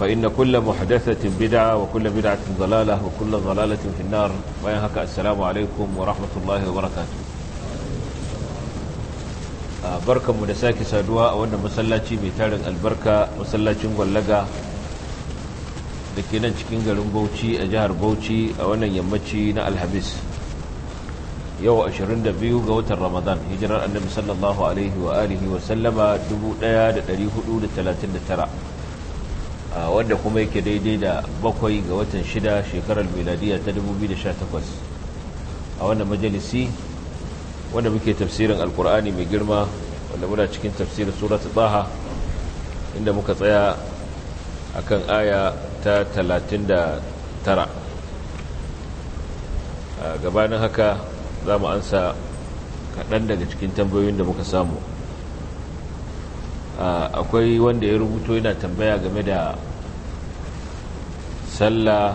فإن كل محدثة بدعة وكل بدعة ضلالة وكل ضلالة في النار وينهك السلام عليكم ورحمة الله وبركاته barkanmu da sake saduwa a wannan masallaci mai tarin albarka masallacin gwallaga da ke nan cikin garin bauchi a jihar bauci a wannan yammaci na alhamis yau 22 ga watan ramadan hijirar annabi sallallahu alaihi wa alihi wa da tara. wanda kuma yake daidai da bakwai ga watan shida shekarar miladiya ta 2018 a wannan majalisi wanda muke tafsirin alkur'ani mai girma wanda muna cikin tafsirin suratu baha inda muka tsaya a kan aya ta 39 gabanin haka za mu ansa kaɗan daga cikin tambayoyin da muka samu akwai wanda ya rubuto yana tambaya game da sallah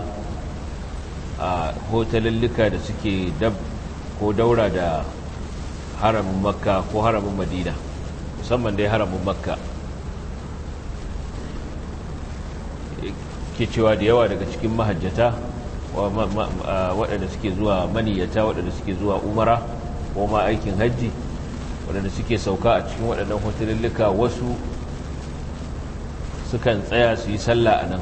a hotalallika da suke dab ko daura da haramin makka ko haramin madina musamman dai haramin makka ke cewa da yawa daga cikin mahajjata waɗanda suke zuwa maniyyata waɗanda suke zuwa umara ko ma aikin hajji waɗanda suke sauka a cikin waɗannan lika wasu sukan tsaya su yi sallah a nan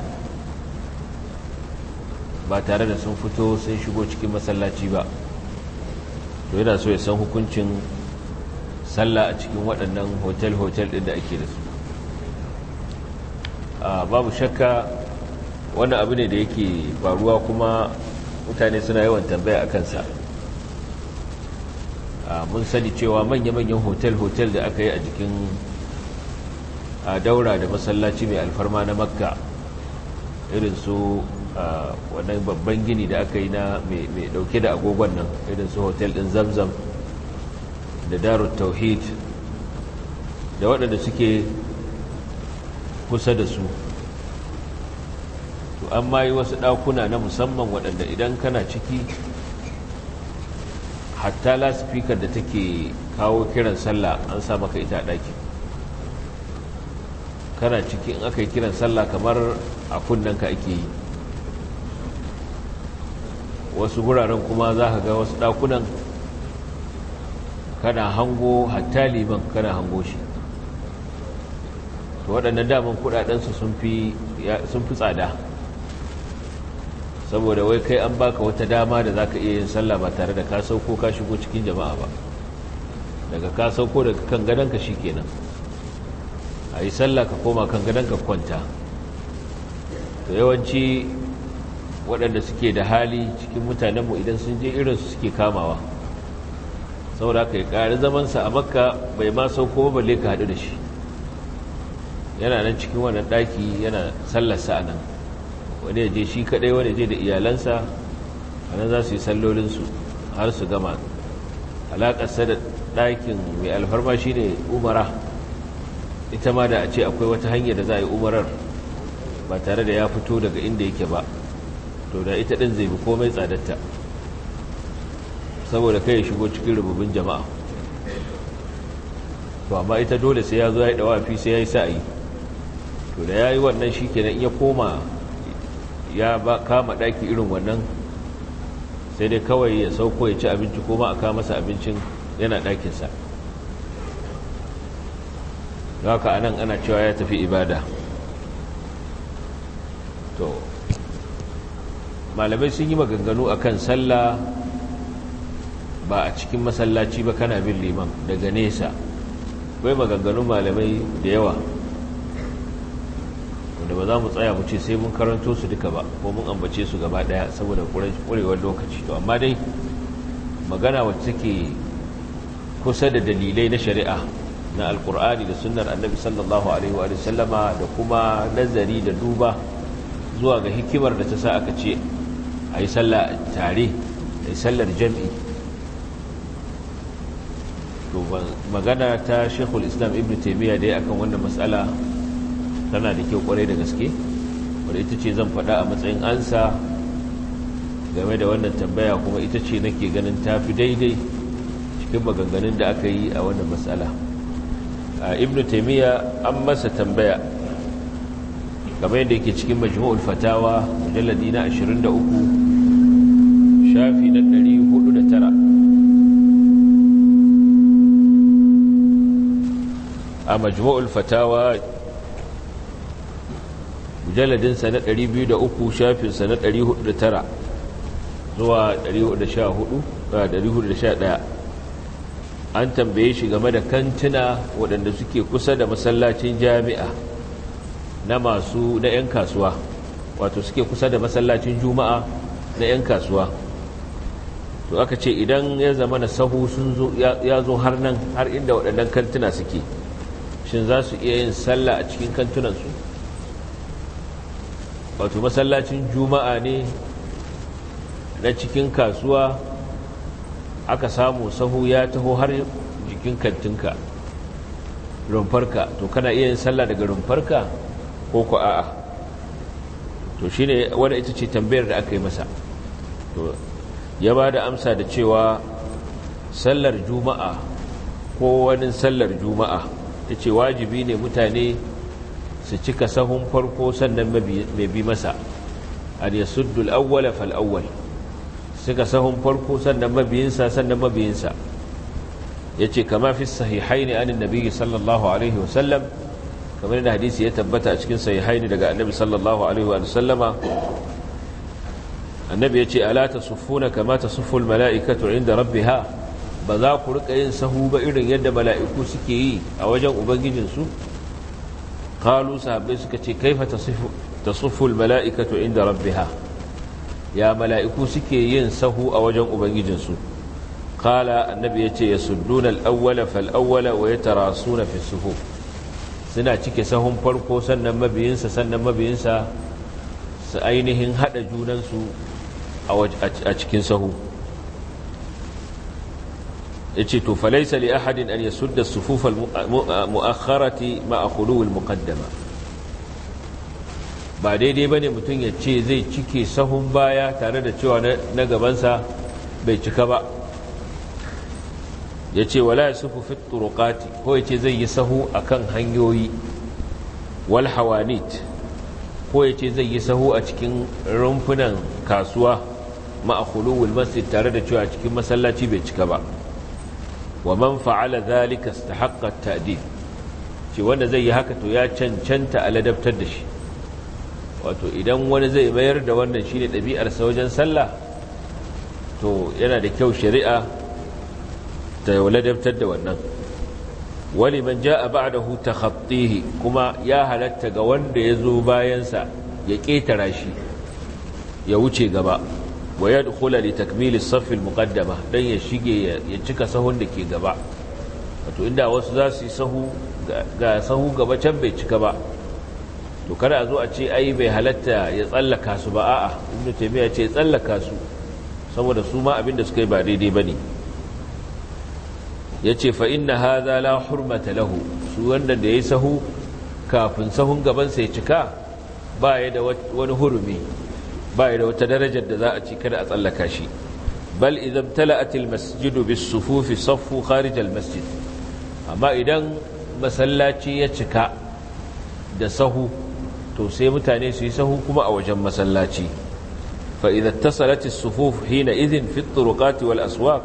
ba tare da sun fito sun shigo cikin masallaci ba to yana so ya san hukuncin sallah a cikin waɗannan hotel-hotel ɗin da ake da su babu shakka wani abu ne da yake faruwa kuma mutane suna yawan tambaya a kansa mun sani cewa manya-manyan hotel-hotel da aka yi a jikin daura da masallaci mai alfarma na makka irin su Wannan babban gini da aka yi na mai dauke da agogon nan irin su hotel din zamzam da darut tauhid da waɗanda suke kusa da su to an ma yi wasu ɗakuna na musamman waɗanda idan kana ciki hatta laspikar da take kawo kiran sallah an sa maka ita a ɗaki kana ciki in aka yi kiran sallah kamar a kunnen ka ake yi wasu wuraren kuma za ka ga wasu ɗakunan kana hango hatta liman kana hango shi to waɗannan daman kuɗaɗensu sun fi tsada saboda wai kai an baka wata dama da za ka iya yin sallah ba tare da ka sauko ka shigo cikin jama'a ba daga ka sauko daga kan gadonka shi kenan a yi sallah ka koma kan gadonka kwanta to yawanci waɗanda suke da hali cikin mutanenmu idan sun je irinsu suke kamawa saboda kai yi ƙari zamansa a makka bai ma sauko balle ka haɗu da shi yana nan cikin wannan ɗaki yana sallarsa a nan wani je shi kaɗai wani je da iyalansa a nan za su yi sallolinsu har su gama alaƙarsa da ɗakin mai alfarma shi ne umara ita ma da a ce akwai wata hanyar da za a yi umarar ba tare da ya fito daga inda yake ba to da ita ɗin zai bi komai tsadarta saboda kai ya shigo cikin rububin jama'a to amma ita dole sai ya zo ya yi dawafi sai ya yi sa'ayi to da ya yi wannan shi kenan ya koma ya kama ɗaki irin wannan sai dai kawai ya sauko ya ci abinci koma a kama masa abincin yana ɗakinsa haka anan ana cewa ya tafi ibada malamai sun yi maganganu a kan sallah ba a cikin masallaci ba kana bin liman daga nesa akwai maganganun malamai da yawa wanda ba za mu tsaya mu ce sai mun karanto su duka ba ko mun ambace su gaba daya saboda kurewar lokaci to amma dai magana wacce take kusa da dalilai na shari'a na alkur'ani da sunnar annabi sallallahu alaihi wa sallama da kuma nazari da duba zuwa ga hikimar da ta sa aka ce a yi sallah tare a yi sallar jami'i to magana ta shekul islam ibn taimiyya dai akan wannan matsala tana da kyau kwarai da gaske wadda ita ce zan faɗa a matsayin ansa game da wannan tambaya kuma ita ce nake ganin ta fi daidai cikin maganganun da aka yi a wannan matsala ibn taimiyya an masa tambaya kamar yadda yake cikin majmu'ul fatawa mujalladi na 23 shafi na 409 a majmu'ul fatawa mujalladin sa na 203 sa na 409 zuwa 414 an tambaye shi game da kantuna waɗanda suke kusa da masallacin jami'a na masu na 'yan kasuwa wato suke kusa da masallacin juma'a na 'yan kasuwa to aka ce idan ya zama na sahu sun zo ya zo har nan har inda waɗannan kantuna suke shin za su iya yin sallah a cikin kantunansu wato masallacin juma'a ne na cikin kasuwa aka samu sahu ya taho har jikin kantinka rumfarka to kana iya yin sallah daga rumfarka ko ku a'a to shine wanda ita ce tambayar da aka yi masa to ya ba da amsa da cewa sallar juma'a ko wani sallar juma'a ta ce wajibi ne mutane su cika sahun farko sannan mai bi masa an ya suddul awwala fal awwal suka sahun farko sannan mabiyinsa sannan mabiyinsa ya ce kama fi sahihai ne anin nabi sallallahu alaihi wasallam kamar da hadisi ya tabbata a cikin sahihaini daga annabi sallallahu alaihi wa sallama annabi ya ce ala tasuffuna kama tasuffu almala'ikatu inda rabbiha ba za ku rika yin sahu ba irin yadda mala'iku suke yi a wajen ubangijinsu qalu sahabbai suka ce kaifa tasuffu tasuffu almala'ikatu inda rabbiha ya mala'iku suke yin sahu a wajen ubangijinsu qala annabi ya ce yasudduna alawwala falawwala wa yatarasuna fi suhuf suna cike sahun farko sannan mabiyinsa sannan mabiyinsa su ainihin haɗa junansu a cikin sahu ya ce to falaisa li ahadin an yasudda sufufal mu'akharati ma'a khuluwul muqaddama ba daidai ne mutum ya ce zai cike sahun baya tare da cewa na gabansa bai cika ba ya ce wala ya sufu fit ko ya ce zai yi sahu a kan hanyoyi wal hawanit ko ya ce zai yi sahu a cikin rumfunan kasuwa ma'akuluwul masjid tare da cewa cikin masallaci bai cika ba wa man fa'ala ta istahaqqa ta'dib ce wanda zai yi haka to ya cancanta a ladabtar da shi wato idan wani zai mayar da wannan shine ɗabi'arsa wajen sallah to yana da kyau shari'a ta ladabtar da wannan wani man ja a huta takhattihi kuma ya halatta ga wanda ya zo bayansa ya ƙetara shi ya wuce gaba wa yadkhula da takmili saffin saff don ya shige ya cika sahun da ke gaba wato inda wasu za su yi sahu ga sahu gaba can bai cika ba to kada a zo a ce ai bai halatta ya tsallaka su ba a'a inda taymiya ce tsallaka su saboda su ma abinda suka yi ba daidai ba ne. ya ce fa'in na haza la hurmata lahu su wanda da ya sahu kafin sahun gabansa ya cika ba ya da wani hurumi ba ya da wata darajar da za a ci kada a tsallaka shi bal idan tala'atil masjidu bis sufufi saffu kharijal masjid amma idan masallaci ya cika da sahu to sai mutane su yi sahu kuma a wajen masallaci فإذا اتصلت الصفوف حينئذ في الطرقات والأسواق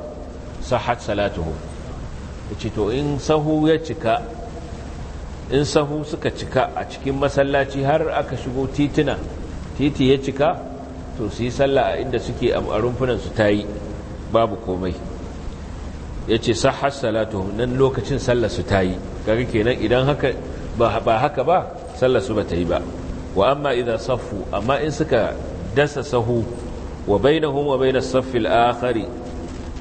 صحت صلاتهم ce to in sahu ya cika in sahu suka cika a cikin masallaci har aka shigo titina titi ya cika to su yi sallah a inda suke a rumfunan su ta yi babu komai ya ce sahar salatu nan lokacin salla su ta yi kaga kenan idan haka ba haka ba salla su ba ta yi ba wa amma idan safu amma in suka dasa sahu wa bainahum wa bainas saffil akhari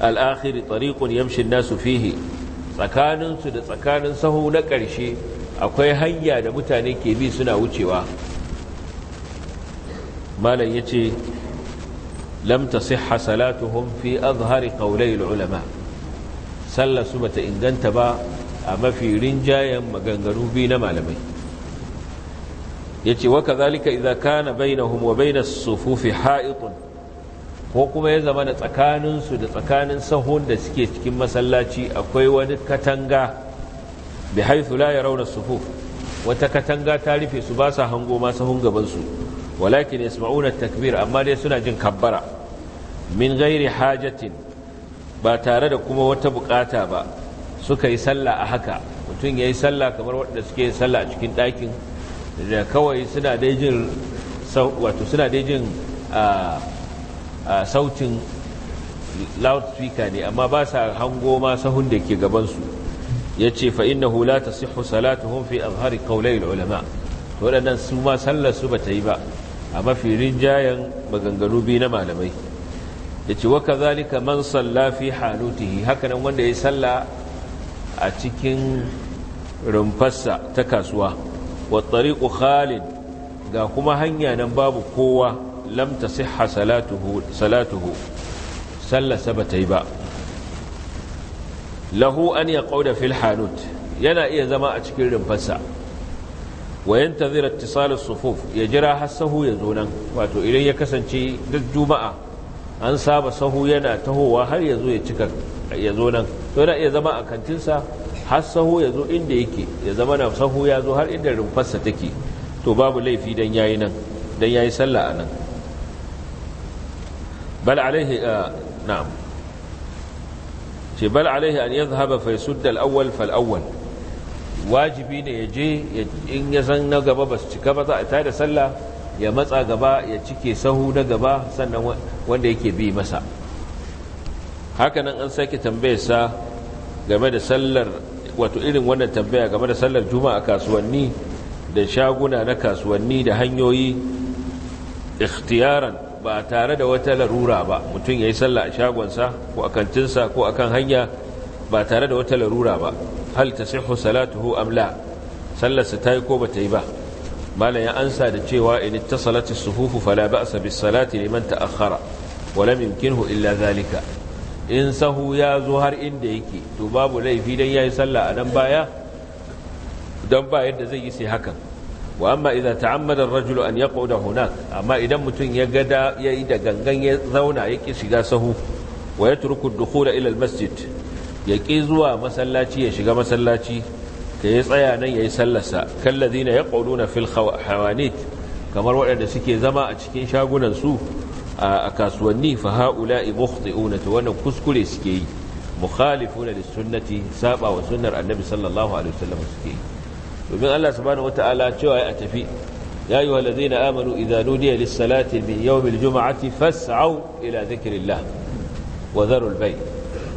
al-akhir tariqun yamshi an-nasu fihi tsakaninsu da tsakanin sahu na ƙarshe akwai hanya da mutane ke bi suna wucewa malam ya ce lamta sihha salatuhum fi azhari qawlayil ulama sallasu bata inganta ba a mafi rinjayen maganganu biyu na malamai ce, wa kadhalika idza kana bainahum wa baina sufufi ha'itun ko kuma ya zama da tsakaninsu da tsakanin sahun da suke cikin masallaci akwai wani katanga bi haithu la yarawna sufuf wata katanga ta rufe su ba sa hango ma sahun gaban su walakin yasma'una takbir amma dai suna jin kabbara min ghairi hajatin ba tare da kuma wata bukata ba suka yi sallah a haka mutum yayi sallah kamar wanda suke yin sallah a cikin ɗakin da kawai suna dai jin wato suna dai jin ah, sautin loudspeaker ne amma ba sa hango ma sahun da ke gabansu ya ce fa'innahu hula ta sihu salatuhun fi azhari kaulayin ulama waɗannan su ma sallar su ba ta yi ba a mafi rinjayen maganganu biyu na malamai ya ce waka zalika man salla fi halutihi hakanan wanda ya yi salla a cikin rumfarsa ta kasuwa wa tsariƙu khalid ga kuma hanya nan babu kowa lam tasihha salatuhu salatuhu sallasa bata yi ba lahu an ya qauda fil hanut yana iya zama a cikin rumfarsa wa yantazira ittisal as-sufuf ya jira har sahu ya zo nan wato idan ya kasance duk juma'a an saba sahu yana tahowa har ya zo ya cika ya zo nan to yana iya zama a kantinsa har sahu ya zo inda yake ya zama na sahu ya zo har inda rumfarsa take to babu laifi dan yayi nan dan yayi sallah a nan bal alaihi na'am ce bal alaihi an yadhhaba fa yasudda al fal awal wajibi ne ya je in ya san na gaba basu su cika ba za a tada sallah ya matsa gaba ya cike sahu na gaba sannan wanda yake bi masa hakanan an sake tambayar sa game da sallar wato irin wannan tambaya game da sallar juma'a kasuwanni da shaguna na kasuwanni da hanyoyi ikhtiyaran ba tare da wata larura ba mutum ya yi sallah a shagonsa ko a kantinsa ko a kan hanya ba tare da wata larura ba hal ta sihu salatuhu amla sallarsa ta yi ko ba ta yi ba malam ya ansa da cewa in ta salati suhufu fala ba'sa bis salati liman ta'akhkhara wa lam yumkinhu illa zalika in sahu ya zo har inda yake to babu laifi dan yayi sallah a nan baya dan ba yadda zai yi sai hakan wa amma idan ta'ammada ar-rajulu an yaq'uda hunak amma idan mutum ya gada yayi da gangan ya zauna ya ki shiga sahu wa yatruku ad-dukhula ila al-masjid ya ƙi zuwa masallaci ya shiga masallaci da ya tsaya nan yayi sallarsa ya yaquluna fil hawanit kamar waɗanda suke zama a cikin shagunan su a kasuwanni fa ha'ula'i mukhti'una to wannan kuskure suke yi mukhalifuna lis sunnati saba wa sunnar annabi sallallahu alaihi wasallam suke yi domin Allah subhanahu wataala cewa a tafi ya ayyuhal na amanu idza nudiya lis-salati min yawmil jum'ati fas'au ila dhikrillah wa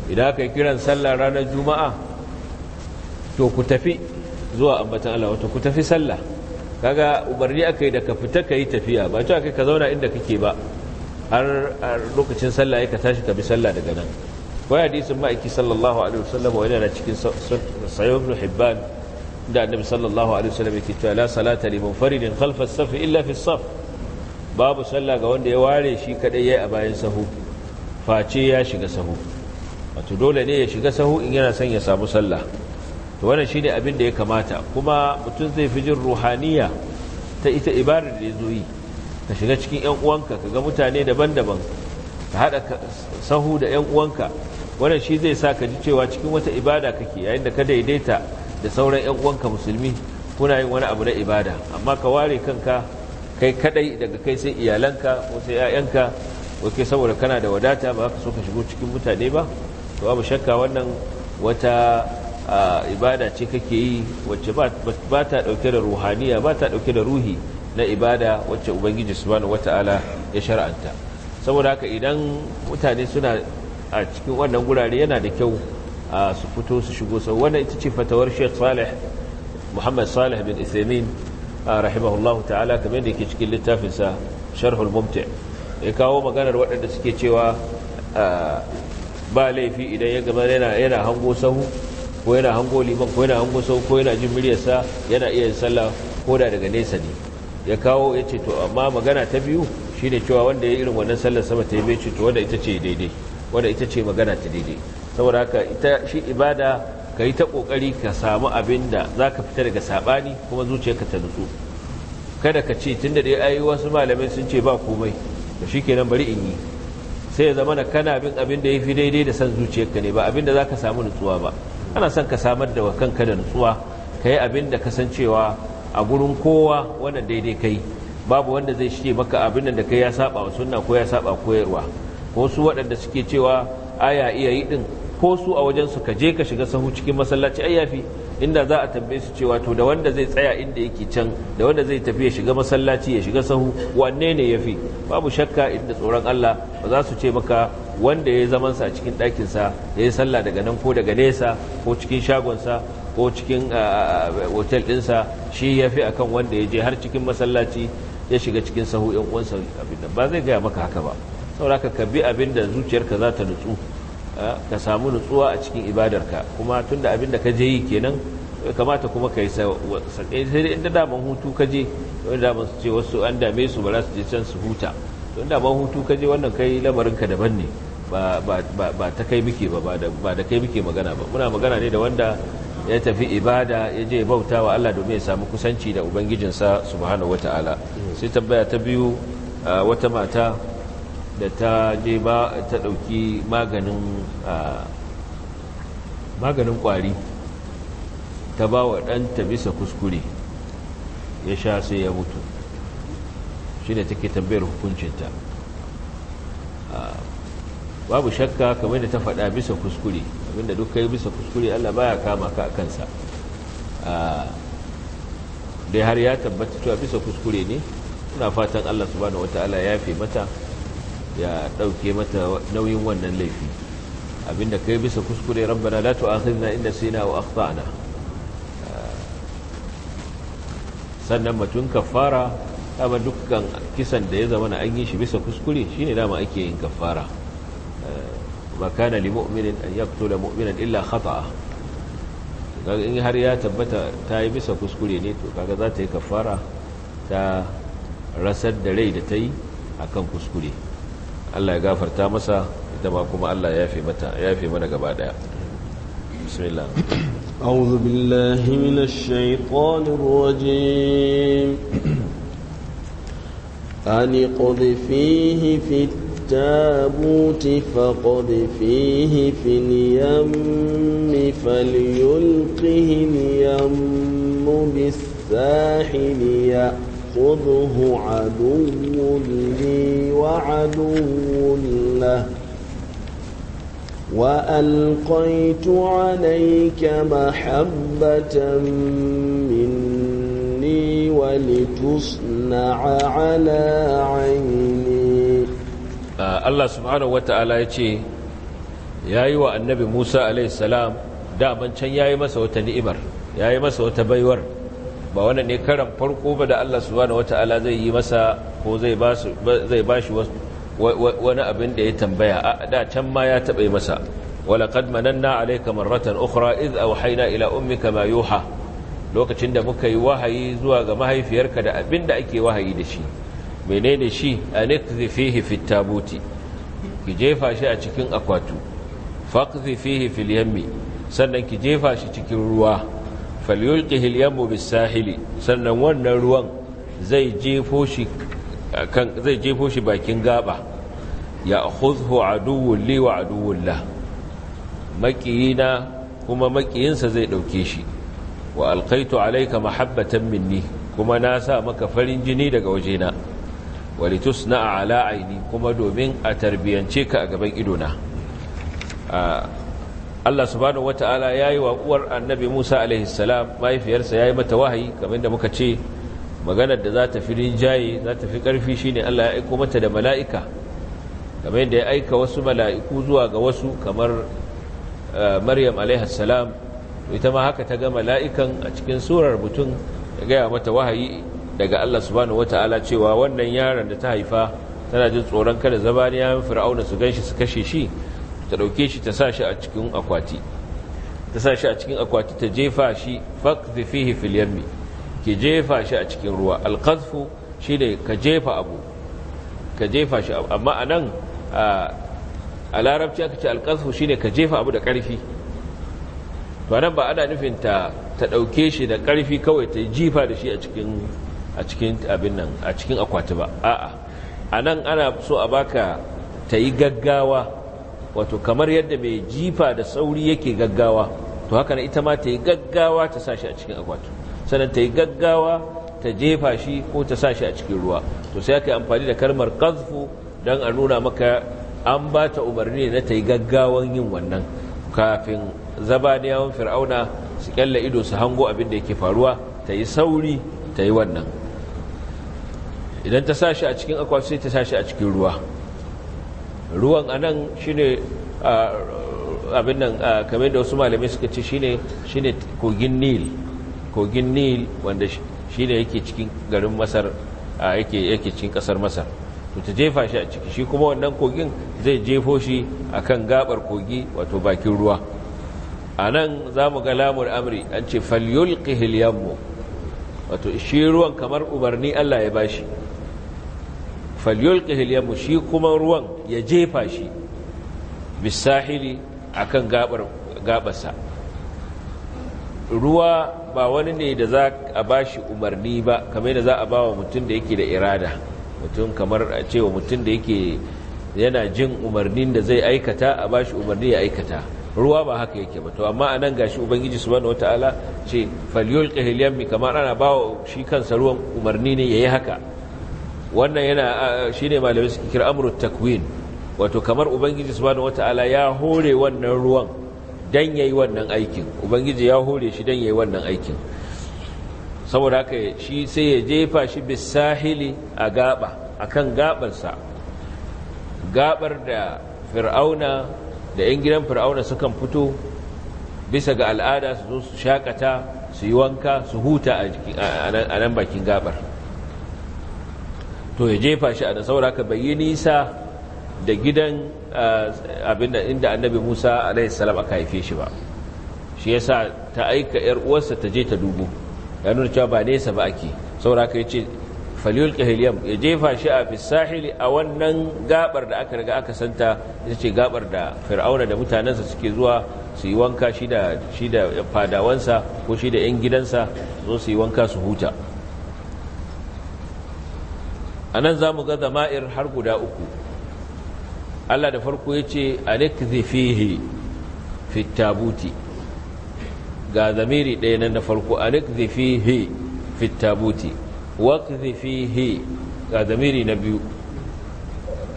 idan aka kiran sallah ranar juma'a to ku tafi zuwa ambatan Allah wato ku tafi sallah kaga umarni akai da ka fita kayi tafiya ba ta kai ka zauna inda kake ba har lokacin sallah ka tashi ka bi sallah daga nan wai hadisin ma'aiki sallallahu alaihi wasallam wani yana cikin sayyid ibn hibban da annabi sallallahu alaihi wasallam yake cewa la salata li munfaridin khalfa as-saf illa fi as-saf babu sallah ga wanda ya ware shi kadai yayi a bayan sahu face ya shiga sahu wato dole ne ya shiga sahu in yana son ya samu sallah to wannan shine abin da ya kamata kuma mutum zai fi jin ruhaniya ta ita ibadar da ya yi ka shiga cikin yan uwanka ka ga mutane daban-daban ka hada sahu da yan uwanka wannan shi zai sa ka ji cewa cikin wata ibada kake yayin da ka daidaita da sauran yan uwanka musulmi kuna yin wani abu na ibada amma ka ware kanka kai kadai daga kai sai iyalanka ko sai ƴaƴanka ko saboda kana da wadata ba ka so ka shigo cikin mutane ba to babu shakka wannan wata ibada ce kake yi wacce ba ta dauke da ruhaniya ba ta dauke da ruhi na ibada wacce ubangiji subhanahu wataala ya shar'anta saboda haka idan mutane suna a cikin wannan gurare yana da kyau su fito su shigo sau wannan ita ce fatawar sheikh salih muhammad salih bin isamin rahimahullahu ta'ala kamar da ke cikin littafinsa sharhul mumti ya kawo maganar waɗanda suke cewa ba laifi idan ya gama yana hango sahu ko yana hango liman ko yana hango sahu ko yana jin muryarsa yana iya yin sallah ko da daga nesa ne ya kawo ya ce to amma magana ta biyu shine cewa wanda ya irin wannan sallar sama ta yi bai ce to wanda ita ce daidai wanda ita ce magana ta daidai saboda haka ita shi ibada ka yi ta kokari ka samu abin da za ka fita daga saɓani kuma zuciyarka ta nutsu kada ka ce tun da dai ayi wasu malamai sun ce ba komai da shi kenan bari in yi sai ya zama kana bin abin da ya fi daidai da san zuciyarka ne ba abin da za ka samu nutsuwa ba ana son ka samar da kanka da nutsuwa ka yi abin da kasancewa a gurin kowa wannan daidai kai babu wanda zai shige maka abin da kai ya saba wa sunna ko ya saba koyarwa ko su waɗanda suke cewa aya iya yi din ko su a wajen su ka je ka shiga sahu cikin masallaci ai yafi inda za a tambaye su cewa to da wanda zai tsaya inda yake can da wanda zai tafi ya shiga masallaci ya shiga sahu wanne ne yafi babu shakka inda tsoron Allah ba za su ce maka wanda ya zaman sa a cikin ɗakin sa ya yi sallah daga nan ko daga nesa ko cikin shagon sa ko cikin hotel din sa shi yafi akan wanda ya je har cikin masallaci ya shiga cikin sahu yan uwansa abin nan ba zai gaya maka haka ba saboda ka bi abin da zuciyarka za ta nutsu ka samu nutsuwa a cikin ibadarka kuma tun da abin da ka je yi kenan kamata kuma ka yi eh, sai dai inda daman hutu ka je wani daman su ce wasu an dame su ba za su je can su huta to inda daman hutu ka je wannan kai lamarinka daban ne ba ta kai muke ba ba da kai muke magana ba muna magana ne da wanda ya tafi ibada ya je bauta wa Allah domin ya samu kusanci da ubangijinsa subhanahu wataala sai tambaya ta biyu ah, wata mata da ta je ba ta ɗauki maganin maganin ta ba wa ɗanta bisa kuskure ya sha sai ya mutu shi ne take tambayar hukuncinta babu shakka kamar da ta faɗa bisa kuskure abinda duk kai bisa kuskure allah baya kama ka a kansa dai har ya tabbata cewa bisa kuskure ne suna fatan allah wata ala ya fi mata ya ɗauke mata nauyin wannan laifi abinda kai bisa kuskure rabbana la tu'akhidhna inda sina wa akhtana sannan mutum kafara dama dukkan kisan da ya zama na an yi shi bisa kuskure shine dama ake yin kafara ma kana li mu'minin an yaqtula mu'minan illa khata'a kaga in har ya tabbata ta yi bisa kuskure ne to kaga za ta yi kafara ta rasar da rai da ta yi akan kuskure Allah ya gafarta masa ita ma kuma Allah ya fi mata ya fi mana gaba daya bismillah a'udhu billahi minash shaitanir rajim an yaqdi fihi fit تابوت فقد فيه يأخذه عدو لي وعدو له وألقيت عليك محبة مني ولتصنع على عيني الله سبحانه وتعالى يتي ya yi wa annabi musa alaihissalam daman can ya yi masa wata ni'imar ya yi masa wata baiwar ba wannan ne karan farko ba da Allah subhanahu wata'ala zai yi masa ko zai ba shi wani abin da ya tambaya a da can ma ya taɓa yi masa walaƙad mananna kamar marratan ukhra iz auhayna ila ummika ma yuha lokacin da muka yi wahayi zuwa ga mahaifiyarka da abin da ake wahayi da shi menene shi anikzi fihi fit tabuti ki jefa shi a cikin akwatu faqzi fihi fil yammi sannan ki jefa shi cikin ruwa falyulqihi al-yamu bis-sahili sannan wannan ruwan zai jefo shi kan zai jefo shi bakin gaba ya khudhu aduwwun li wa aduwwun makiyina kuma makiyinsa zai dauke shi wa alqaitu alayka mahabbatan minni kuma na sa maka farin jini daga wajena walitusna ala aini kuma domin a tarbiyance ka a gaban idona ah, Allah subhanahu wata'ala ya yi wa uwar annabi Musa salam mahaifiyarsa ya yi mata wahayi kamar da muka ce maganar da za ta fi rinjaye za ta fi ƙarfi shi ne Allah ya aiko mata da mala'ika kamar da ya aika wasu mala'iku zuwa ga wasu kamar eh, Maryam alaihissalam ita ma haka ta ga mala'ikan a cikin surar mutum ya gaya mata wahayi daga Allah subhanahu wata'ala cewa wannan yaron da ta haifa tana jin tsoron kada zabaniya fir'auna su ganshi su kashe shi ta dauke shi ta sa shi a cikin akwati ta sa shi a cikin akwati ta jefa shi fakzi fihi fil yammi ki jefa shi a cikin ruwa al shi ne ka jefa abu ka jefa shi amma anan a larabci aka ce al shi ne ka jefa abu da ƙarfi to nan ba ana nufin ta ta dauke shi da ƙarfi kawai ta jifa da shi a cikin a cikin abin nan a cikin akwati ba a'a anan ana so a baka ta yi gaggawa wato kamar yadda mai jifa da sauri yake gaggawa to haka na ita ma ta yi gaggawa ta sa a cikin akwatu sannan ta yi gaggawa ta jefa shi ko ta sa a cikin ruwa to sai aka yi amfani da kalmar kazfu don a nuna maka an ba ta umarni na ta yi gaggawan yin wannan kafin zabaniyawan fir'auna su kyalla ido su hango abin da yake faruwa ta yi sauri ta yi wannan idan ta sa a cikin akwati sai ta sa a cikin ruwa ruwan anan ne abin nan kamar da wasu malamai suka ce shi ne kogin nil kogin nil wanda ne yake cikin garin masar yake yake cikin kasar masar to ta jefa shi a ciki shi kuma wannan kogin zai jefo shi akan gabar kogi wato bakin ruwa a nan za mu ga lamur amri an ce ƙihil yammu wato shi ruwan kamar umarni Allah ya ba shi. falyulqihi al shi kuma ruwan ya jefa shi bisahili akan gabar ruwa ba wani ne da za a bashi umarni ba kamar da za a wa mutum da yake da irada mutum kamar a cewa mutum da yake yana jin umarnin da zai aikata a bashi umarni ya aikata ruwa ba haka yake ba to amma anan gashi ubangiji subhanahu wataala ce falyulqihi al kamar ana bawa shi kansa ruwan umarni ne yayi haka wannan yana shi ne malamai suke kira amrut takwin wato kamar ubangiji subhanahu wataala ya hore wannan ruwan dan yayi wannan aikin ubangiji ya hore shi dan yayi wannan aikin saboda haka shi sai ya jefa shi bisahili a gaba a kan gabarsa gabar da fir'auna da 'yan gidan fir'auna sukan fito bisa ga al'ada su zo su shakata su yi wanka su huta a nan bakin gabar to ya jefa shi a da saura ka bai yi nisa da gidan abinda inda annabi musa salam aka haife shi ba shi yasa ta aika yar uwarsa ta je ta dubu ya nuna cewa ba nesa ba ake saura ka yace falil qahiliyam ya jefa shi a fisahil a wannan gabar da aka riga aka santa ita ce gabar da fir'auna da mutanensa suke zuwa su yi wanka shi da shi da fadawansa ko shi da yan gidansa zo su yi wanka su huta a nan za mu ga zama'ir har guda uku Allah da farko ya ce alikzifihi fitabuti ga zamiri ɗaya nan da farko alikzifihi fitabuti waqzifihi ga zamiri na biyu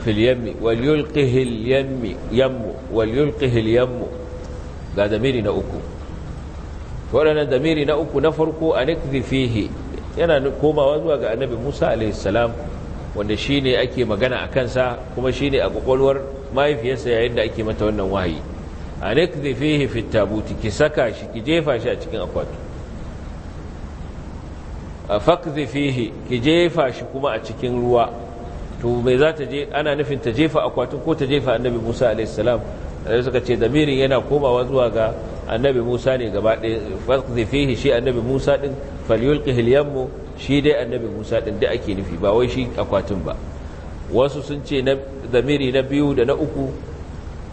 fil yammi wal yulqihi al yammi yammu wal yulqihi al yammu ga zamiri na uku waɗannan zamiri na uku na farko alikzifihi yana komawa zuwa ga annabi Musa alaihi wanda shi ne ake magana a kansa kuma shi ne a ƙwaƙwalwar mahaifiyarsa yayin da ake mata wannan wahayi a nek da fita fitabuti ki saka shi ki jefa shi a cikin akwatu a fak da fiye ki jefa shi kuma a cikin ruwa to mai za ta je ana nufin ta jefa akwatin ko ta jefa annabi musa alaihissalam da suka ce damirin yana komawa zuwa ga annabi musa ne gaba ɗaya fak da fiye shi annabi musa ɗin falyulki hilyammu shi dai annabi musa ɗin da ake nufi ba wai shi akwatin ba wasu sun ce na zamiri na biyu da na uku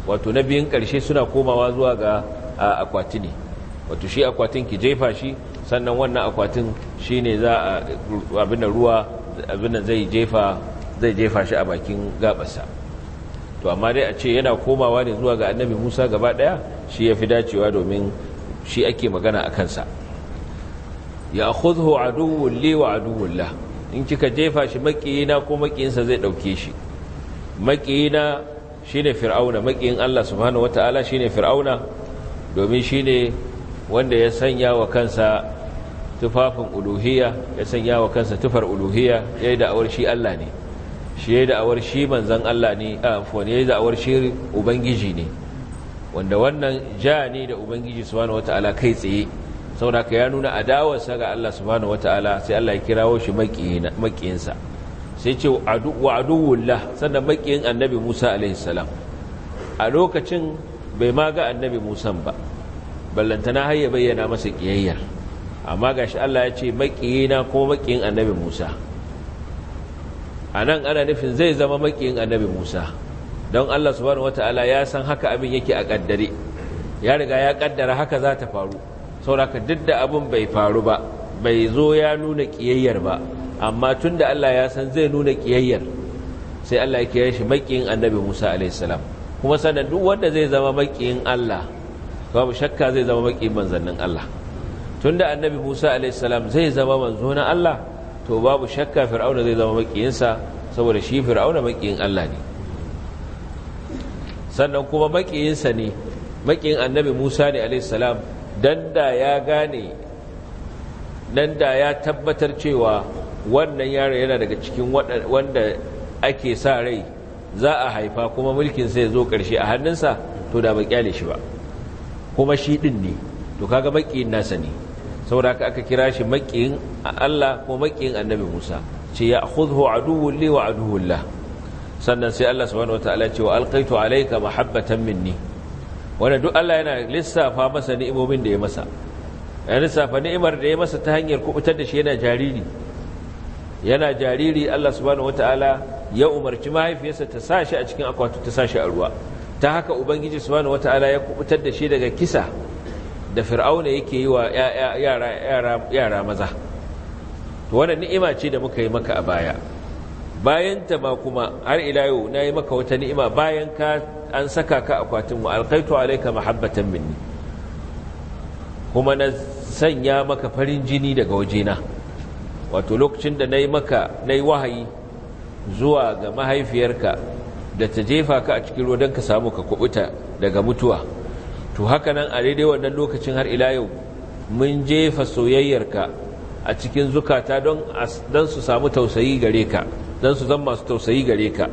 wato na biyun ƙarshe suna komawa zuwa ga akwati ne wato shi akwatin ki jefa shi sannan wannan akwatin shi ne za a abin ruwa abin zai jefa zai jefa shi a bakin gabasa to amma dai a ce yana komawa ne zuwa ga annabi musa gaba ɗaya shi ya fi dacewa domin shi ake magana a kansa ya khudhu aduwwun li wa aduwwun la in kika jefa shi makiyina ko makiyinsa zai dauke shi makiyina shine fir'auna makiyin Allah subhanahu wataala shine fir'auna domin shine wanda ya sanya wa kansa tufafin uluhiyya ya sanya wa kansa tufar uluhiyya yayi awar shi Allah ne shi yayi awar shi manzon Allah ne afwan yayi awar shi ubangiji ne wanda wannan jani da ubangiji subhanahu wataala kai tsaye saboda ka ya nuna adawarsa ga Allah subhanahu wataala sai Allah ya kirawo shi makiyinsa sai ce wa aduwullah sannan makiyin annabi Musa alaihi salam a lokacin bai ma ga annabi Musa ba ballantana har ya bayyana masa kiyayyar amma gashi Allah ya ce makiyina ko makiyin annabi Musa a nan ana nufin zai zama makiyin annabi Musa don Allah subhanahu wataala ya san haka abin yake a kaddare ya riga ya kaddara haka za ta faru sauraka duk da abin bai faru ba bai zo ya nuna ƙiyayyar ba amma tun da Allah ya san zai nuna ƙiyayyar sai Allah ya kira shi maƙiyin annabi Musa alaihissalam kuma sannan duk wanda zai zama maƙiyin Allah babu shakka zai zama maƙiyin manzannin Allah tun da annabi Musa alaihissalam zai zama manzo na Allah to babu shakka fir'auna zai zama maƙiyinsa saboda shi fir'auna maƙiyin Allah ne sannan kuma maƙiyinsa ne maƙiyin annabi Musa ne alaihissalam dan da ya gane dan da ya tabbatar cewa wannan yaro yana daga cikin wanda ake sa rai za a haifa kuma mulkin sai zo karshe a hannunsa to da ba kyale shi ba kuma shi din ne to kaga makiyin nasa ne saboda haka aka kira shi makiyin Allah ko makiyin Annabi Musa ce ya khudhu aduwwun li wa aduwwun sannan sai Allah subhanahu wataala ce wa alqaitu alayka mahabbatan minni wanda duk Allah yana lissafa masa ni'imomin da ya masa ya lissafa ni'imar da ya masa ta hanyar kubutar da shi yana jariri yana jariri Allah subhanahu wataala ya umarci mahaifiyarsa ta sa shi a cikin akwatu ta sa shi a ruwa ta haka ubangiji subhanahu wataala ya kubutar da shi daga kisa da fir'auna yake yi wa yara maza to wannan ni'ima ce da muka yi maka a baya bayan ta ma kuma har ila yau na yi maka wata ni'ima bayan ka an saka ka akwatin wa alaika alayka mahabbatan minni kuma na sanya maka farin jini daga wajena wato lokacin da nayi maka nayi wahayi zuwa ga mahaifiyarka da ta jefa ka a cikin ruwan ka samu ka kubuta daga mutuwa to haka nan a daidai wannan lokacin har ila yau mun jefa soyayyarka a cikin zukata don su samu tausayi gare ka don su zama masu tausayi gare ka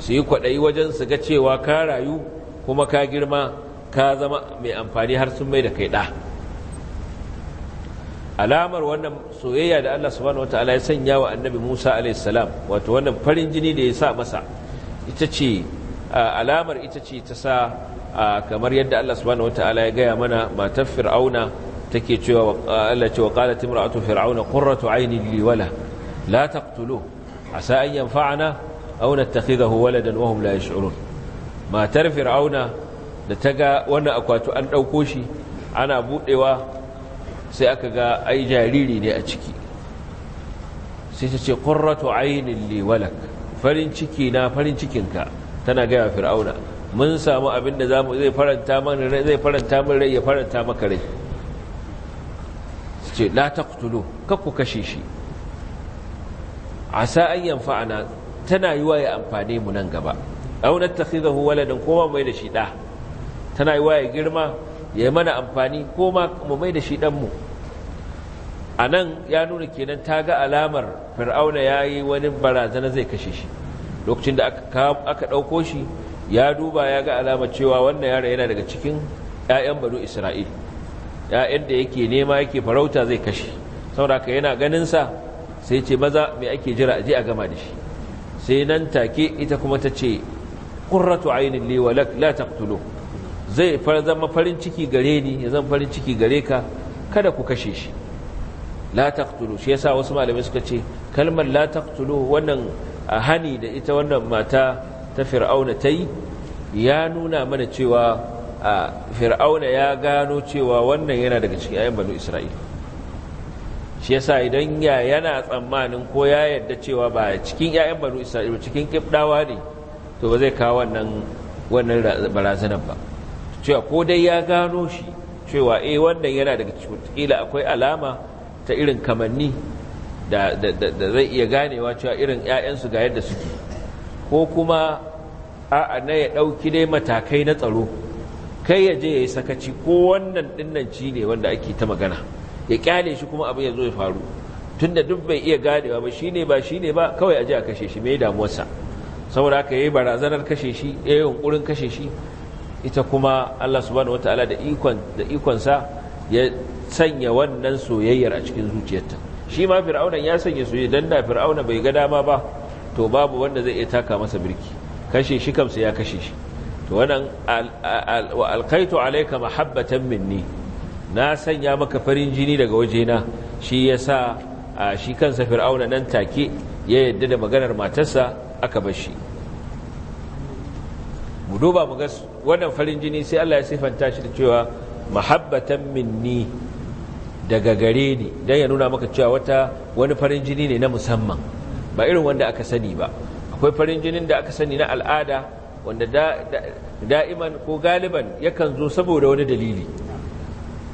su yi kwaɗayi wajen su ga cewa ka rayu kuma ka girma ka zama mai amfani har sun mai da kai ɗa alamar wannan soyayya da Allah subhanahu wataala ya sanya wa annabi Musa a.s. wato wannan farin jini da ya sa masa ita ce alamar ita ce ta sa kamar yadda Allah subhanahu wataala ya gaya mana matar fir'auna take cewa Allah ce wa qalat imra'atu fir'auna qurratu 'aynin li wala la taqtulu asa an yanfa'ana aw nattakhidahu waladan wa hum la yash'urun matar fir'auna da ta ga wannan akwatu an dauko shi ana budewa sai aka ga ai jariri ne a ciki sai ta ce qurratu aynin li walak farin ciki na farin cikinka tana ga fir'auna mun samu abin da zamu zai faranta mana rai zai faranta min rai ya faranta maka rai ce la taqtulu kakku kashe shi asa an yanfa'ana tana yi wa ya amfane mu nan gaba aw nattakhidahu waladan ko ma mai da shi da tana yi wa ya girma ya yi mana amfani ko ma mu mai da shi dan mu a nan ya nuna kenan ta ga alamar fir'auna ya yi wani barazana zai kashe shi lokacin da aka ɗauko shi ya duba ya ga alamar cewa wannan yara yana daga cikin 'ya'yan banu isra'il ‘ya'yan da yake nema yake farauta zai kashe saboda ka yana ganin sa sai ce maza mai ake jira a je a gama da shi sai nan take ita kuma ta ce ƙurratu ainihin li la taqtulu zai zama farin ciki gare ni ya zama farin ciki gare ka kada ku kashe shi la taqtulu shi yasa wasu malamai suka ce kalmar la taqtulu wannan hani da ita wannan mata ta fir'auna ta yi ya nuna mana cewa fir'auna ya gano cewa wannan yana daga cikin ayan banu isra'ila shi yasa idan ya yana tsammanin ko ya yarda cewa ba cikin ƴaƴan banu isra'ila cikin kibdawa ne to ba zai kawo wannan wannan barazanar ba cewa ko dai ya gano shi cewa eh wannan yana daga cikin akwai alama ta irin kamanni da zai iya ganewa cewa irin 'ya'yansu ga yadda suke ko kuma a'a na ya ɗauki dai matakai na tsaro kai ya je ya yi sakaci ko wannan ɗinnan ci ne wanda ake ta magana ya kyale shi kuma abu ya zo ya faru tunda duk bai iya ganewa ba shine ba shine ba kawai aje a kashe shi me damuwarsa saboda haka yi barazanar kashe shi yi yunkurin kashe shi ita kuma Allah subhanahu da ikon da ikon ya sanya wannan soyayyar a cikin zuciyarta shi ma fir'auna ya sanya soyayya dan da fir'auna bai ga dama ba to babu wanda zai iya taka masa birki kashe shi kamsa ya kashe shi to wannan alqaitu alayka mahabbatan minni na sanya maka farin jini daga wajena shi ya sa a shi kansa fir'auna nan take ya yadda da maganar matarsa aka bar shi mu duba mu ga wannan farin jini sai Allah ya sifanta shi da cewa mahabbatan minni daga gare ni dan ya nuna maka cewa wata wani farin jini ne na musamman ba irin wanda aka sani ba akwai farin jinin da aka sani na al'ada wanda da'iman ko galiban yakan zo saboda wani dalili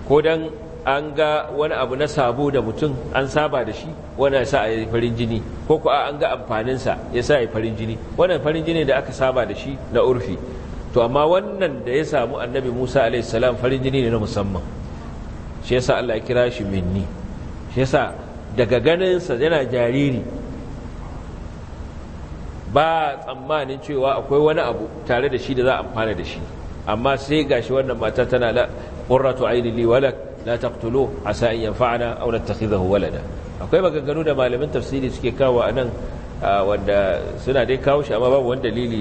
ko dan an ga wani abu na sabo da mutum an saba da shi wani sa a yi farin jini ko ku an ga amfaninsa ya sa a yi farin jini wannan farin jini da aka saba da shi na urfi to amma wannan da ya samu annabi musa a.s. farin jini ne na musamman shi sa allah ya kira shi minni shi sa daga ganinsa yana jariri ba tsammanin cewa akwai wani abu tare da shi da za a amfana da shi amma sai gashi wannan mata tana qurratu aini li walak la taqtuluhu asa an yanfa'ana aw nattakhidahu walada akwai maganganu da malamin tafsiri suke kawo nan wanda suna dai kawo shi amma babu wani dalili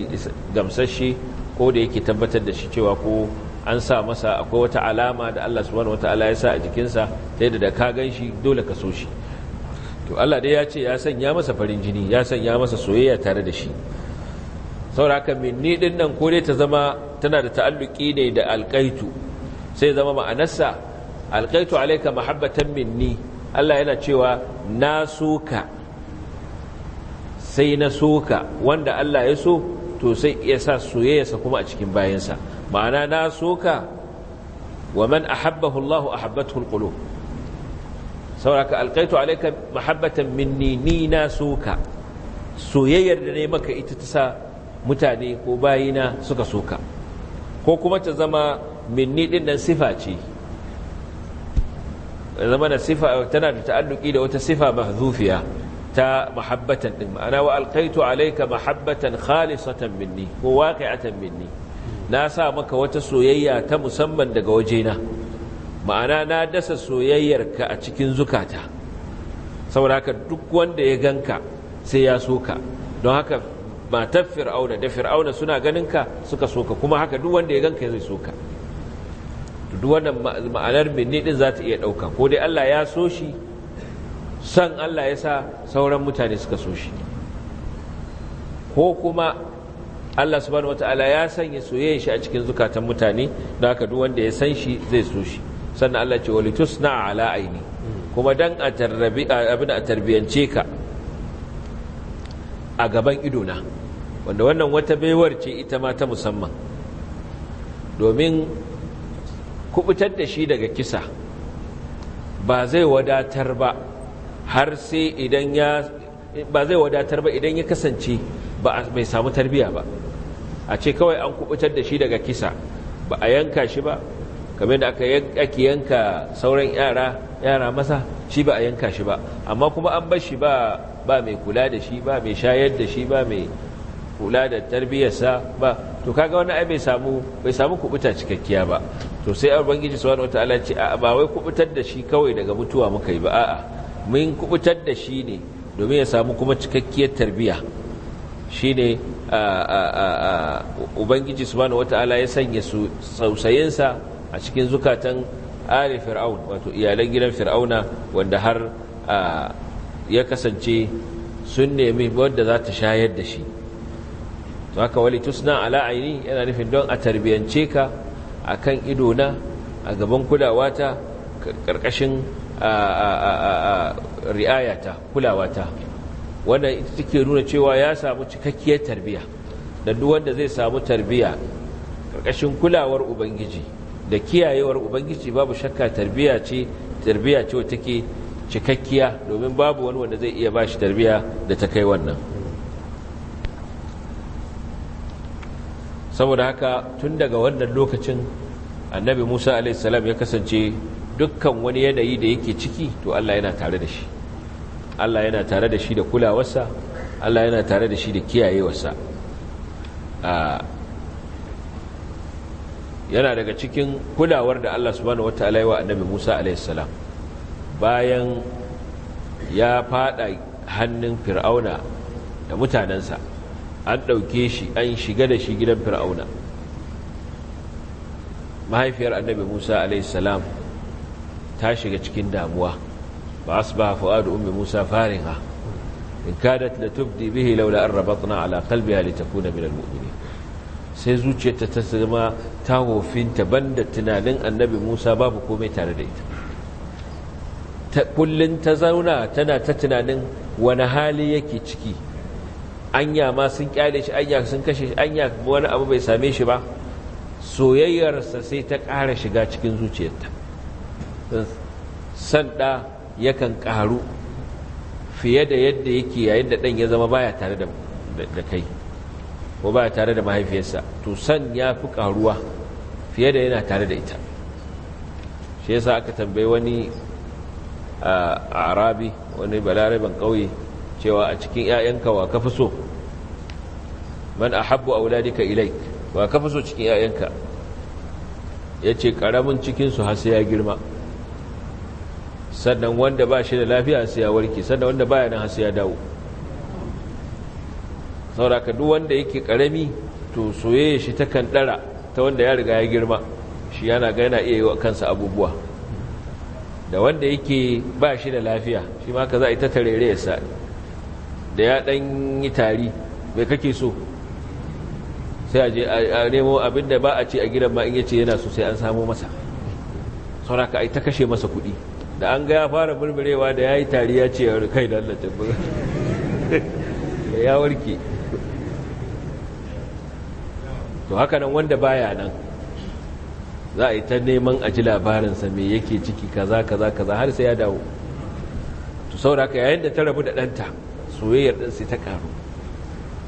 gamsasshe ko da yake tabbatar da shi cewa ko an sa masa akwai wata alama da Allah subhanahu wataala ya sa a jikinsa ta yadda da ka gan shi dole ka so shi to Allah dai ya ce ya sanya masa farin jini ya sanya masa soyayya tare da shi sauraka minni din nan ko dai ta zama tana da ta'alluki ne da alkaitu sai zama ma'anarsa alkaitu alaika mahabbatan minni Allah yana cewa na suka. sai na soka wanda Allah ya so to sai ya sa soyayyarsa kuma a cikin bayansa ma'ana na suka wa man ahabbahu Allah ahabbathu alqulub sauraka alkaitu alaika mahabbatan minni ni na soka soyayyar da ne maka ita ta sa mutane ko bayina suka soka ko kuma ta zama minni din nan sifa ce zama da sifa tana da ta'alluki da wata sifa mahzufiya ta mahabbatan din ma'ana wa alqaitu alayka mahabbatan khalisatan minni ko waqi'atan minni na sa maka wata soyayya ta musamman daga wajena ma'ana na dasa soyayyar ka a cikin zukata saboda haka duk wanda ya ganka sai ya soka don haka matar fir'auna da fir'auna suna ganinka suka soka kuma haka duk wanda ya ganka zai soka duk wannan ma'anar binni din za ta iya ɗauka ko dai Allah ya so shi san Allah ya sa sauran mutane suka so shi ko kuma Allah subhanahu wata'ala ya sanya soyayyen shi a cikin zukatan mutane da haka duk wanda ya san shi zai so shi sannan Allah ce walitusna ala aini kuma dan a tarbi abin a tarbiyance ka a gaban idona wanda wannan wata baiwar ce ita ma ta musamman domin kubutar da shi daga kisa ba zai wadatar ba har sai idan ya ba zai wadatar ba idan ya kasance ba bai samu tarbiya ba a ce kawai an kubutar da shi daga kisa ba a yanka shi ba kamar da aka yanka sauran yara yara masa shi ba a yanka shi ba amma kuma an bar shi ba ba mai kula da shi ba mai shayar da shi ba mai kula da tarbiyyarsa ba to kaga wani ai bai samu bai samu kubuta cikakkiya ba to sai ubangiji wata ala ce a ba wai kubutar da shi kawai daga mutuwa muka yi ba a'a mun kubutar da shi ne domin ya samu kuma cikakkiyar tarbiya shine ubangiji wata ala ya sanya sausayinsa a cikin zukatan ari fir'aun wato iyalan gidan fir'auna wanda har ya kasance sun nemi wadda za ta shayar da shi haka wali tusna ala aini yana nufin don a tarbiyance ka a kan idona a gaban kulawata ƙarƙashin ri'ayata kulawata wanda ita take nuna cewa ya samu cikakkiyar tarbiya da duk wanda zai samu tarbiya ƙarƙashin kulawar ubangiji da kiyayewar ubangiji babu shakka tarbiya ce tarbiya ce wata take cikakkiya domin babu wani wanda zai iya bashi tarbiya da ta kai wannan saboda haka tun daga wannan lokacin annabi musa alaihissalam ya kasance dukkan wani yanayi da yake ciki to allah yana tare da shi allah yana tare da shi da kulawarsa allah yana tare da shi da kiyayewarsa yana daga cikin kulawar da allah subhanahu ta'ala yi wa annabi musa alaihissalam bayan ya fada hannun fir'auna da mutanensa an ɗauke shi an shiga da shi gidan fir'auna mahaifiyar annabi musa alaihissalam ta shiga cikin damuwa ba asbaha da Umar musa ha. in kadat la tubdi bihi laula an rabatna ala qalbiha litakuna min almu'minin sai zuciyarta ta zama ta hofinta banda tunanin annabi musa babu komai tare da ita ta kullun ta zauna tana ta tunanin wani hali yake ciki anya ma sun kyale shi anya sun kashe shi anya wani abu bai same shi ba soyayyarsa sai ta ƙara shiga cikin zuciyarta sanda yakan ƙaru fiye da yadda yake yayin da ɗan ya zama baya tare da kai ko baya tare da mahaifiyarsa to san ya fi ƙaruwa fiye da yana tare da ita shi yasa aka tambayi wani a arabi wani balaraban ƙauye cewa a cikin 'ya'yanka wa kafi so man ahabbu auladika ilaik wa ka so cikin yayanka yace karamin cikin su har sai ya girma sannan wanda ba shi da lafiya sai ya warke sannan wanda baya nan har sai ya dawo saboda ka duk wanda yake karami to soyayya shi takan dara ta wanda ya riga ya girma shi yana ga yana iya yi wa kansa abubuwa da wanda yake ba shi da lafiya shi ma ka za a yi ta tarere ya sa da ya ɗan yi tari mai kake so sai a je a nemo abin da ba a ci a gidan ma in ce yana so sai an samo masa sauraka ai ta kashe masa kuɗi da an ga ya fara murmurewa da yayi tari ya ce kai da Allah da ya warke to haka nan wanda baya nan za a yi ta neman a ji labarinsa mai yake ciki kaza kaza kaza har sai ya dawo to sauraka yayin da ta rabu da ɗanta soyayyar ɗansu ta ƙaru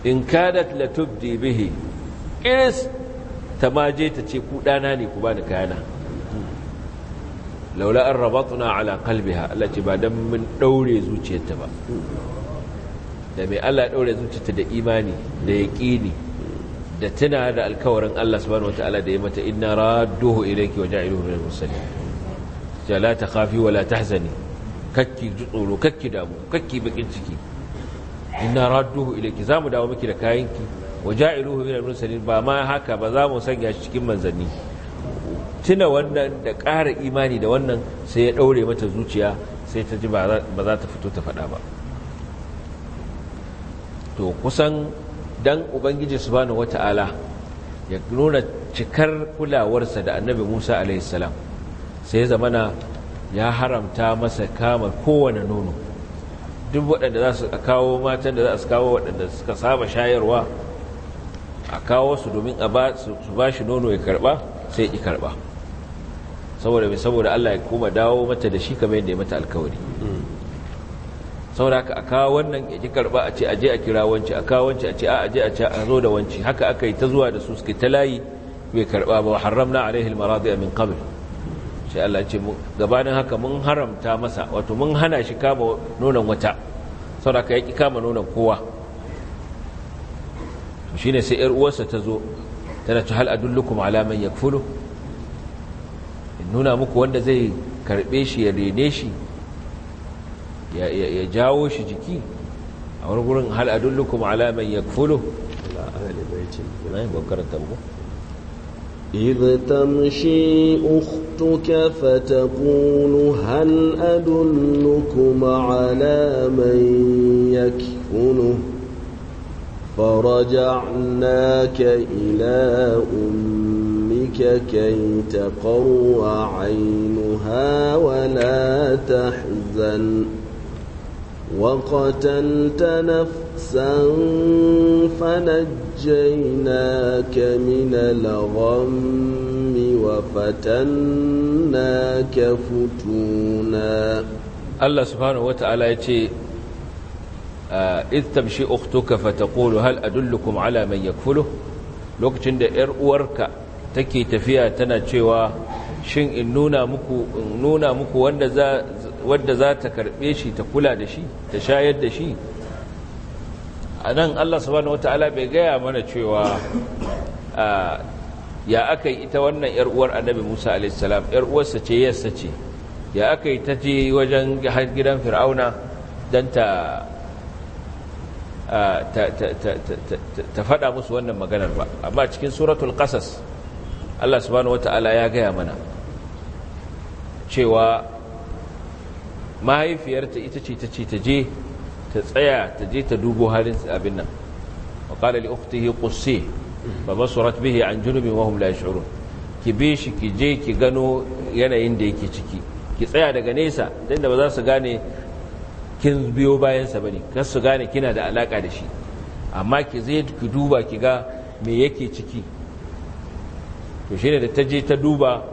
in kadat latubdi bihi kiris ta maje ta ce kudana ne ku ba ni kayana laula an rabatuna ala qalbiha Allah ce ba dan mun daure zuciyarta ba da mai Allah ya daure zuciyarta da imani da yaqini da tana da alkawarin Allah subhanahu wataala da ya mata inna radduhu ilayki wa ja'iluhu minal muslimin ya la takhafi wa la tahzani kakki tsoro kakki damu kakki bakin ciki inna radduhu ilayki zamu dawo miki da kayanki wa ja'iluhu min ba ma haka ba za mu sanya shi cikin manzanni tuna wannan da ƙara imani da wannan sai ya ɗaure mata zuciya sai ta ji ba za ta fito ta faɗa ba to kusan dan ubangiji subhanahu wata'ala ya nuna cikar kulawarsa da annabi Musa alaihi salam sai zamana ya haramta masa kama kowane nono duk waɗanda za su kawo matan da za su kawo waɗanda suka saba shayarwa a kawo su domin a ba su ba shi nono ya karba sai ya karba saboda mai saboda Allah ya kuma dawo mata da shi kamar yadda ya mata alkawari saboda haka a kawo wannan ya ki karba a ce a je a kira wanci a kawo wanci a ce a je a ce a zo da wanci haka aka yi ta zuwa da su suke ta layi bai karba ba haram haramna alaihi almaradi min qabl sai Allah ce mu gabanin haka mun haramta masa wato mun hana shi kama nonon wata saboda haka ya ki kama nonon kowa shine sai yar uwarsa ta zo tana ce hal adullukum ala man yakfulu in nuna muku wanda zai karbe shi ya rene shi ya jawo shi jiki a wani gurin hal adullukum ala man yakfulu إذ تمشي أختك فتقول هل أدلكم على من يكفله فرجعناك إلى أمك كي تقر عينها ولا تحزن وقتلت نفسا فنجيناك من الغم وفتناك فتونا الله سبحانه وتعالى يتي iz tamshi ukhtuka fataqulu hal adullukum ala lokacin da yar uwarka take tafiya tana cewa shin in nuna muku in nuna muku wanda za ta karbe shi ta kula da shi ta shayar da shi anan Allah subhanahu wataala bai gaya mana cewa ya aka yi ita wannan ‘yar uwar annabi Musa alaihissalam ‘yar uwarsa ce yassa ce ya aka yi ta je wajen gidan fir'auna don ta ta faɗa musu wannan maganar ba amma cikin suratul ƙasas Allah subhanahu ta'ala ya gaya mana cewa mahaifiyarta ita ce ta ce ta je ta tsaya ta je ta dubo halin abin nan wa qala li ukhtihi qussi fa basurat bihi an junubin wa la yash'urun ki bi shi ki je ki gano yanayin da yake ciki ki tsaya daga nesa dan da ba za su gane kin biyo bayansa ba ne kar su gane kina da alaka da shi amma ki zai ki duba ki ga me yake ciki to shi ne da ta je ta duba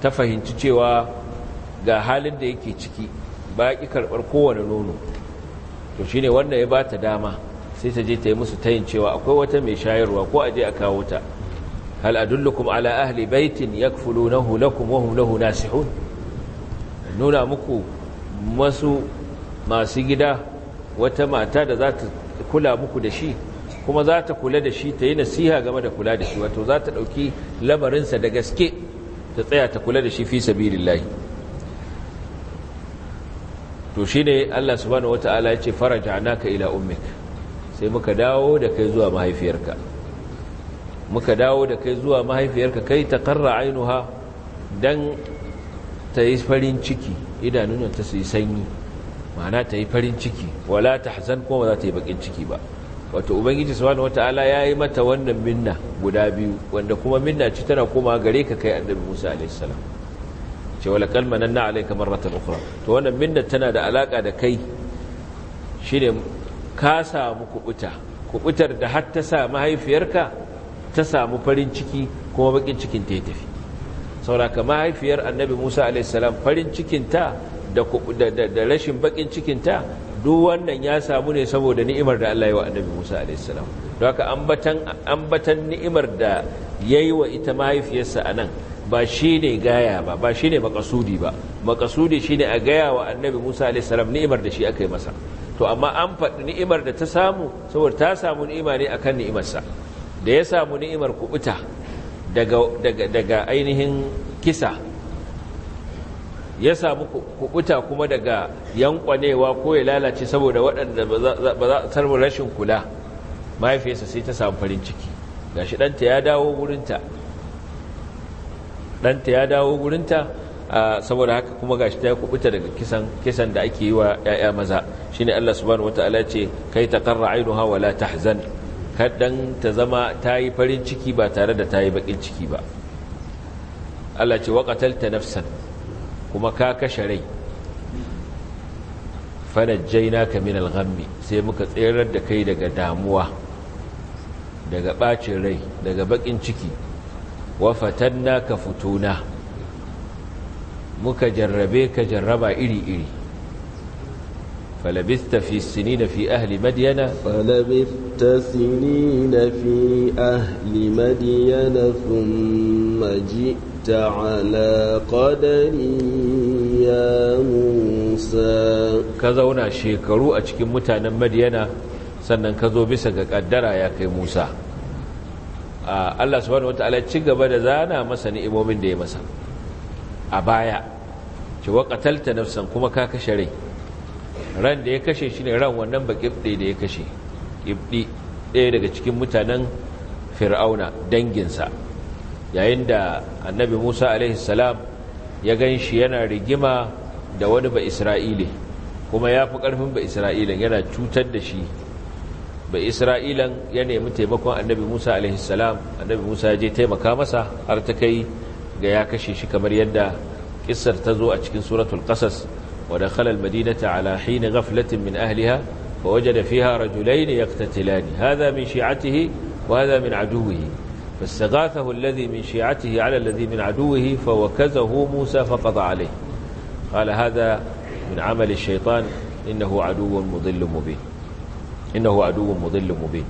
ta fahimci cewa ga halin da yake ciki ba ki karɓar kowane nono to shi ne wanda ya ba ta dama sai ta je ta yi musu tayin cewa akwai wata mai shayarwa ko a je a kawo ta hal adullukum ala ahli baitin yakfulunahu lakum wa hum lahu nasihun nuna muku masu masu gida wata mata da za ta kula muku da shi kuma za ta kula da shi ta yi nasiha game da kula da shi wato za ta ɗauki lamarinsa da gaske ta tsaya ta kula da shi fi sabilillahi to shi ne Allah subhanahu Ta'ala ya ce faraja ka ila ummik sai muka dawo da kai zuwa mahaifiyarka muka dawo da kai zuwa mahaifiyarka kai ta karra ainuha don ta yi farin ciki idanunanta su yi sanyi ma'ana ta yi farin ciki wala ta hasan kuma ba za ta yi bakin ciki ba wato ubangiji subhanahu wataala ya yi mata wannan minna guda biyu wanda kuma minna ce tana koma gare ka kai annabi musa alaihi salam ce wala kalma nan na alaika marratan ukhra to wannan minna tana da alaka da kai shine ka samu kubuta kubutar da har ta sa mahaifiyarka ta samu farin ciki kuma bakin cikin ta ya tafi saboda mahaifiyar annabi musa alaihi farin cikin ta da rashin bakin cikinta duk wannan ya samu ne saboda ni'imar da Allah ya wa annabi Musa a.s. da haka ambatan ni'imar da ya yi wa ita mahaifiyarsa a nan ba shi ne gaya ba ba shi ne makasudi ba makasudi shi ne a gaya wa annabi Musa a.s. ni'imar da shi aka yi masa to amma an faɗi ni'imar da ta samu saboda ta samu ni'ima ne akan ni'imarsa da ya samu ni'imar kuɓuta daga ainihin kisa ya samu kubuta kuma daga yankwanewa ko ya lalace saboda waɗanda ba za a sarmu rashin kula mahaifiyarsa sai ta samu farin ciki shi ɗanta ya dawo gurinta ɗanta ya dawo gurinta saboda haka kuma ga shi ta yi kubuta daga kisan kisan da ake yi wa ‘ya'ya maza shi ne Allah subhanahu wata'ala ce kai ta karra ainu hawa la ta hazan kaɗan ta zama ta yi farin ciki ba tare da ta yi baƙin ciki ba Allah ce waƙatal ta nafsan kuma ka kashe rai fanajjaina ka min alghammi sai muka tsayar da kai daga damuwa daga bacin rai daga bakin ciki wa fatanna ka futuna muka jarrabe ka jarraba iri-iri falabista fi sinina fi ahli madiyana falabista sinina fi ahli madiyana sun maji كنت على قدري ya musa ka zauna shekaru a cikin mutanen madiyana sannan ka zo bisa ga kaddara ya kai musa Allah subhanahu wataala ci gaba da zana masa ni'imomin da ya masa a baya ci na nafsan kuma ka kashe rai ran da ya kashe shi ne ran wannan bakibdi da ya kashe ibdi ɗaya daga cikin mutanen fir'auna danginsa yayin da annabi musa alaihissalam ya gan shi yana rigima da wani ba isra'ili kuma ya fi ƙarfin ba isra'ilan yana cutar da shi ba isra'ilan ya nemi taimakon annabi musa alaihissalam annabi musa ya je taimaka masa har ta kai ga ya kashe shi kamar yadda ƙisar ta zo a cikin suratul ƙasas wadda khalal madinata ala hini gaflatin min ahliha fa waje da fiha rajulai ne ya ƙtatilani haza min shi'atihi wa haza min aduwihi فاستغاثه الذي من شيعته على الذي من عدوه فوكزه موسى فقضى عليه قال هذا من عمل الشيطان إنه عدو مضل مبين إنه عدو مضل مبين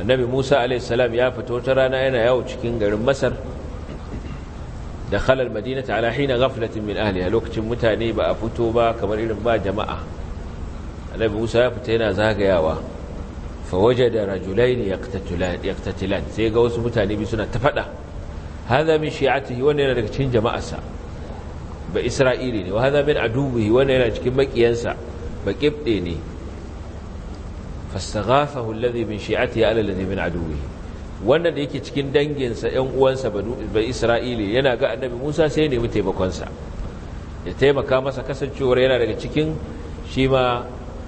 النبي موسى عليه السلام يا فتوترانا أنا يا وشكين غير مصر دخل المدينة على حين غفلة من أهلها لوكتين متاني بقى فتوبة كمان جماعة النبي موسى يا فتينا زاقياوا fa waje da rajulai ne yaktatilan sai ga wasu mutane biyu suna ta faɗa haza min shi'atihi wannan yana daga cikin jama'arsa ba isra'ili ne wa haza min aduwihi wannan yana cikin makiyansa ba kibde ne fastaghafahu alladhi min shi'atihi ala alladhi min aduwihi wannan da yake cikin danginsa ƴan uwansa ba isra'ili yana ga annabi Musa sai ya nemi taimakonsa ya taimaka masa kasancewar yana daga cikin shi ma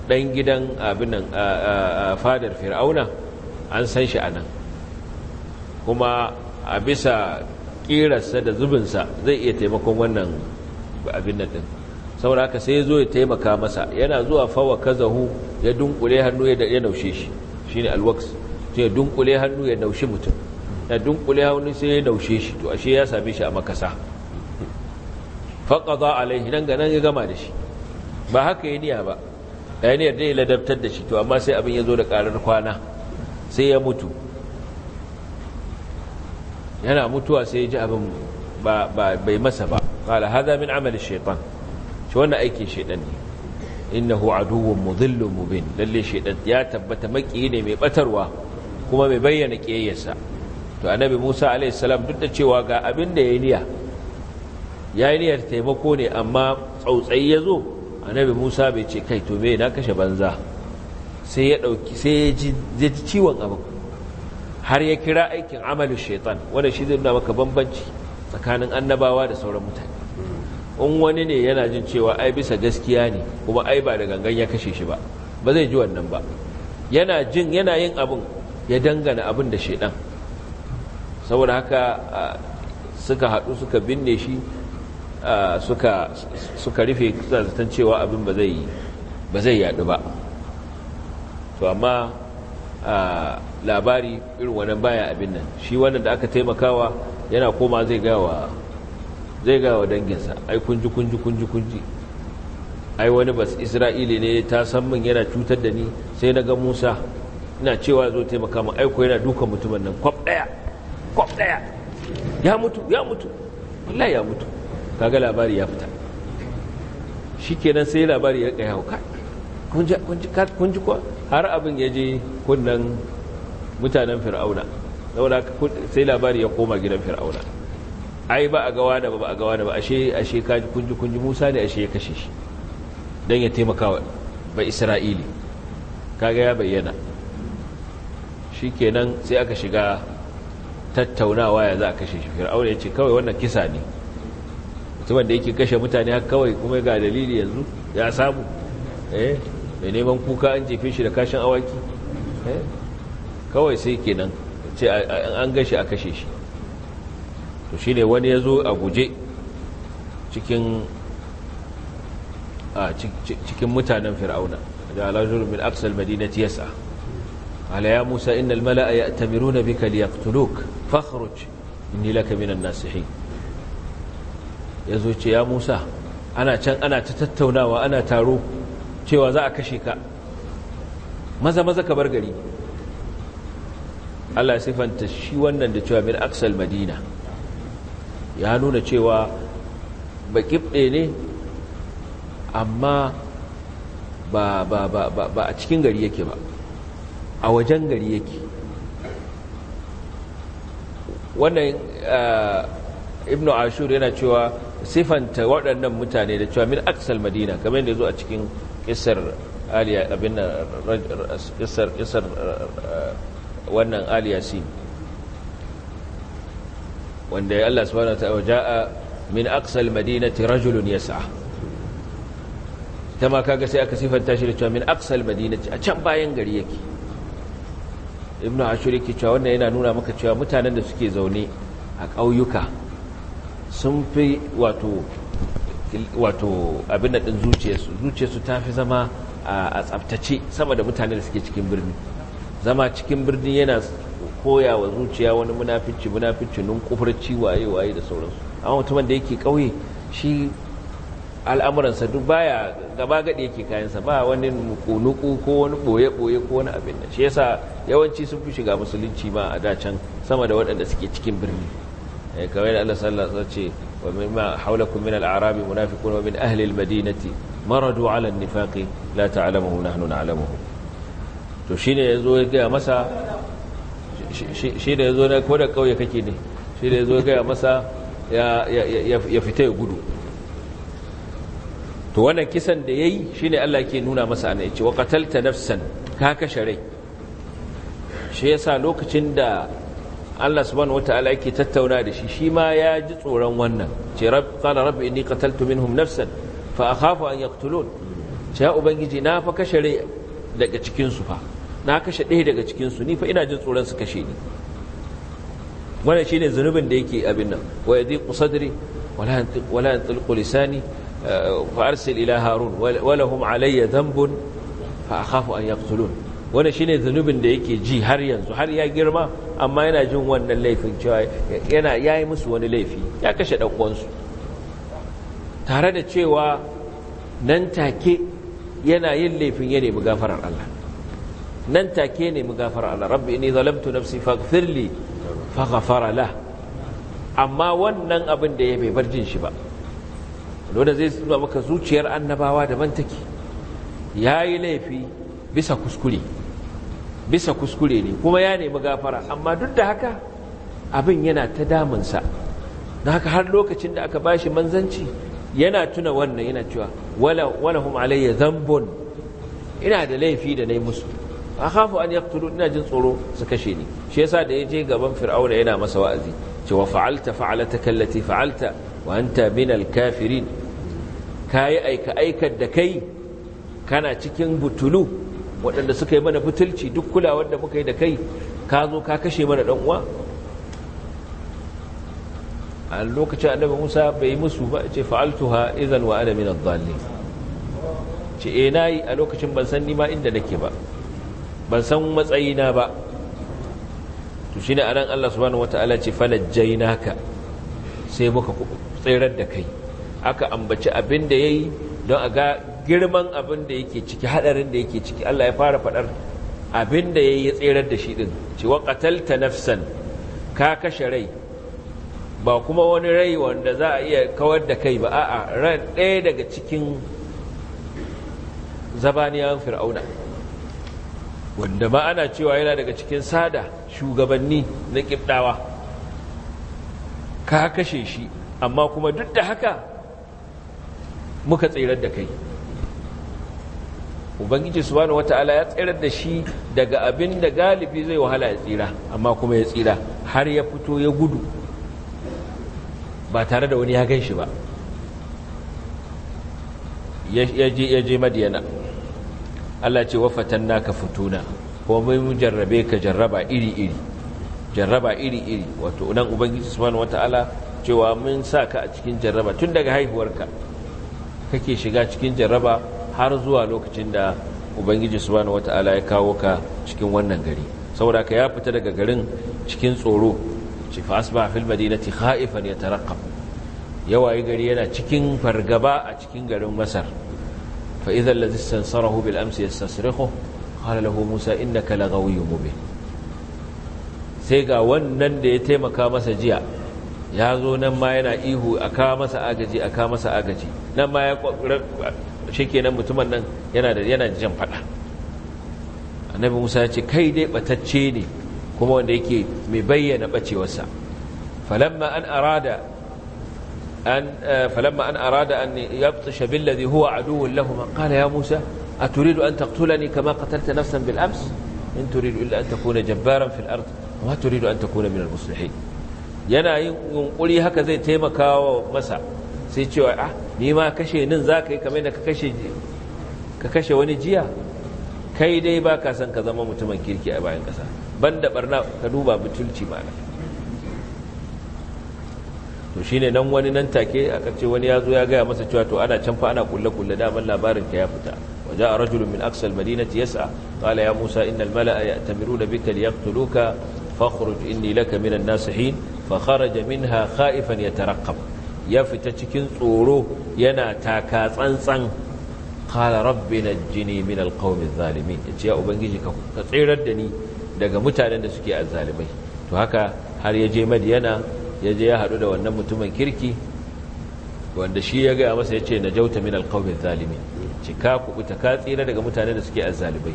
ɗan gidan ah, abinan ah, ah, fadar fir'auna an san shi a nan kuma a bisa ƙirarsa da zubinsa zai iya taimakon wannan abin nan ɗin saboda haka sai zo ya taimaka masa yana zuwa fawa kazahu ya dunkule hannu ya naushe shi shi ne alwaks sai ya dunkule hannu ya naushe mutum ya dunkule hannu sai ya naushe shi to ashe ya same shi a makasa faƙaza alaihi nan ga nan ya gama da shi ba haka ya niya ba ya ne ya ladabtar da shi to amma sai abin ya zo da karar kwana sai ya mutu yana mutuwa sai ya ji abin bai masa ba kala haza min amali shaitan shi wannan aikin shaitan ne innahu aduwwun mudhillun mubin lalle shaitan ya tabbata maki ne mai batarwa kuma mai bayyana kiyayyarsa to annabi Musa alaihi salam duk da cewa ga abin da yayi niyya yayi niyyar taimako ne amma tsautsayi ya zo annabi musa bai ce kai to mai na kashe banza sai ya dauki sai ya ji ciwon abin har ya kira aikin amalin shaitan wanda shi zai nuna maka bambanci tsakanin annabawa da sauran mutane in wani ne yana jin cewa ai bisa gaskiya ne kuma ai ba da gangan ya kashe shi ba ba zai ji wannan ba yana jin yana yin abin ya dangana abin da shaidan saboda haka suka haɗu suka binne shi suka suka rufe zaton cewa abin ba zai ba zai yadu ba to amma labari irin wannan baya abin nan shi wannan da aka taimakawa yana koma zai gawa zai gawa danginsa ai kunji kunji kunji kunji ai wani bas isra'ili ne ta san min yana cutar da ni sai na ga musa ina cewa zo taimaka min aiko yana dukan mutumin nan kwab daya kwab daya ya mutu ya mutu wallahi ya mutu kaga labari ya fita shikenan sai labari ya rika yawo kun ji kuwa har abin ya je kunnan mutanen fir'auna sai labari ya koma gidan fir'auna ai ba a gawa da ba a gawa da ba ashe ashe kaji kunji kunji musa ne ashe ya kashe shi don ya taimaka wa ba isra'ili kaga ya bayyana shi kenan sai aka shiga tattaunawa ya za a kashe shi fir'auna ya ce kawai wannan kisa ne mutumin da yake kashe mutane haka kawai kuma ga dalili yanzu ya samu eh mai neman kuka an jefe shi da kashin awaki eh kawai sai kenan ce an gashi a kashe shi to shine wani ya zo a guje cikin a cikin mutanen fir'auna da alajul min aksal madinati yasa ala ya musa innal mala'a ya'tamiruna bika liyaqtuluk fakhruj inni laka minan nasihin ya zo ce ya musa ana can ana ta tattaunawa ana taro cewa za a kashe ka maza maza ka bar gari Allah sifanta shi wannan da cewa min aksal madina ya nuna cewa ba baƙiɓe ne amma ba, a cikin gari yake ba a wajen gari yake wannan eh, ibnu ashur yana cewa sifanta waɗannan mutane da cewa min aksal madina kamar yadda zo a cikin kisar aliya abin nan kisar kisar uh, wannan aliyasin wanda ya Allah subhanahu wataala jaa min aksal madinati rajulun yas'a tama kaga sai aka sifanta shi da cewa min aksal madinati a can bayan gari yake ibnu Ashuri yake cewa wannan yana nuna maka cewa mutanen da suke zaune a ƙauyuka sun fi wato abin da ɗin zuciyarsu zuciyarsu ta fi zama a tsabtace sama da mutane da suke cikin birni zama cikin birni yana koya wa zuciya wani munafici munafici nun kufurci waye waye da sauransu amma mutumin da yake ƙauye shi al'amuransa duk baya gaba gaɗi yake kayansa ba wani nuku ko wani ɓoye-ɓoye ko wani abin da shi yasa yawanci sun fi shiga musulunci ma a dacan sama da waɗanda suke cikin birni Eh, kamar yadda Allah sallallahu alaihi ce wa mimma hawlakum min al-a'rab munafiqun wa min ahli al-madinati maradu ala an-nifaqi la ta'lamuhu nahnu na'lamuhu to shine yazo ya ga masa shi yazo na ko da kauye kake ne shi yazo ya ga masa ya ya fita gudu to wannan kisan da yayi shine Allah yake nuna masa ana yace wa qatalta nafsan ka kashe rai shi yasa lokacin da Allah subhanahu wataala yake tattauna da shi shi ma ya ji tsoron wannan ce rab qala rabbi inni qataltu minhum nafsan fa akhafu an yaqtulun ce ya ubangiji na fa kashe rai daga cikin su fa na kashe ɗaya daga cikin su ni fa ina jin tsoron su kashe ni wannan shine zunubin da yake abin nan wa yadiqu sadri wala wala yantiqu lisani fa arsil ila harun wa lahum alayya dhanbun fa akhafu an yaqtulun wanda shine zunubin da yake ji har yanzu har ya girma amma yana jin wannan laifin cewa yana yi musu wani laifi ya kashe dan tare da cewa nan take yana yin laifin ya nemi gafarar Allah nan take ne mu gafarar Allah rabbi inni zalamtu nafsi faghfirli faghfara lah amma wannan abin da ya bai bar jin shi ba wanda zai zuwa maka zuciyar annabawa da take yayi laifi bisa kuskure bisa kuskure ne kuma ya nemi gafara amma duk da haka abin yana ta damunsa na haka har lokacin da aka bashi manzanci yana tuna wannan yana cewa wala hum alayya zambon ina da laifi da nayi musu akhafu an yaqtulu ina jin tsoro su kashe ni shi yasa da yaje gaban fir'auna yana masa wa'azi cewa fa'alta fa'alataka allati fa'alta wa anta minal kafirin kai aika aikar da kai kana cikin butulu waɗanda suka yi mana fitilci duk kulawar da muka yi da kai ka zo ka kashe mana ɗan uwa a lokacin annabi musa bai musu ba ce fa'altuha idan wa ana min ce eh nayi a lokacin ban san ni ma inda nake ba ban san matsayina ba to shine anan Allah subhanahu wataala ce falajjainaka sai muka tsirar da kai aka ambaci abin da yayi don a ga girman abin da yake ciki hadarin da yake ciki Allah ya fara fadar abin da yayi tserar da shi din cewa qatalta nafsan ka kashe rai ba kuma wani rai wanda za a iya kawar da kai ba a'a ran ɗaya daga cikin zabaniyan fir'auna wanda ma ana cewa yana daga cikin sada shugabanni na kibdawa ka kashe shi amma kuma duk da haka muka tsirar da kai ubangiji subhanahu wata'ala ya tsirar da shi daga abin da galibi zai wahala ya tsira amma kuma ya tsira har ya fito ya gudu ba tare da wani ya gan shi ba ya je madiyana Allah ce wafatan naka fituna ko mai mu jarrabe ka jarraba iri-iri jarraba iri-iri wato nan ubangiji subhanahu wata'ala cewa mun sa ka a cikin jarraba tun daga haihuwarka kake shiga cikin jarraba har zuwa lokacin da ubangiji subhanahu wata'ala ya kawo ka cikin wannan gari saboda ka ya fita daga garin cikin tsoro ci fa asba fil madinati khaifan yatarqab yawayi gari yana cikin fargaba a cikin garin masar fa idza sansarahu bil amsi yastasrikhu qala lahu musa innaka laghawiyyun mubin sai ga wannan da ya taimaka masa jiya ya zo nan ma yana ihu a ka masa agaji a ka masa agaji nan ma ya shi kenan mutumin nan yana da yana jan fada annabi musa ya ce kai dai batacce ne kuma wanda yake mai bayyana bacewarsa falamma an arada an eh, falamma an arada an yabtisha billadhi huwa aduwwun lahum qala ya musa aturidu an taqtulani kama qatalta nafsan bil ams in turidu illa an takuna jabbaran fil ard wa turidu an takuna min al muslihin yana yin yunkuri haka zai taimaka masa sai cewa ah ni ma kashe nin za ka yi kamar da ka kashe wani jiya kai dai ba ka san ka zama mutumin kirki a bayan ƙasa banda barna ka duba butulci ba. to ne nan wani nan take aka ce wani ya zo ya gaya masa cewa to ana can fa ana kulle kulle daman labarin ka ya fita waje a rajulun min aksal madinati yasa qala ya musa innal mala'a ya'tamiruna bika liyaqtuluka fakhruj inni laka minan nasihin fa kharaja minha khaifan yataraqqab ya fita cikin tsoro yana taka tsantsan kala rabbi na jini min alqawmi zalimi. Ya ce ya ubangiji ka tsirar da ni daga mutanen da suke a zalimai. to haka har ya je madiyana ya je ya haɗu da wannan mutumin kirki wanda shi ya gaya masa ya ce na jauta min alƙawmin zalimi ci ka kuɓuta ka tsira daga mutanen da suke a zalimai.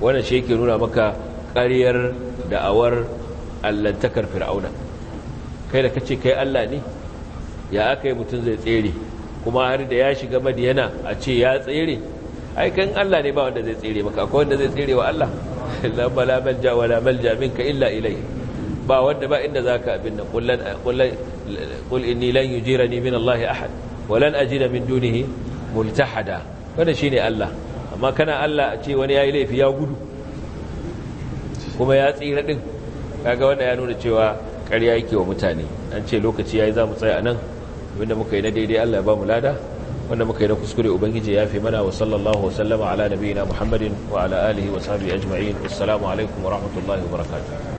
wannan shi yake nuna maka ƙaryar da'awar allantakar fir'auna kai da ka ce kai allah ne ya aka yi mutum zai tsere kuma har da ya shiga madiyana a ce ya tsere aikan Allah ne ba wanda zai tsere maka ko wanda zai tsere wa Allah la bala malja wala malja minka illa ilai ba wanda ba inda za ka abin nan kullan qul inni lan yujirani min Allah ahad wa lan ajida min dunihi multahada wanda shine Allah amma kana Allah a ce wani yayi laifi ya gudu kuma ya tsira din kaga wanda ya nuna cewa ƙarya yake wa mutane an ce lokaci yayi za mu tsaya anan wanda muka yi na daidai Allah ya ba mu lada wanda muka yi na kuskure ubangiji ya fi mana wa sallallahu wasallama ala nabiyina muhammadin wa ala alihi wa sahbihi ajma'in assalamu alaikum wa rahmatullahi wa barakatuh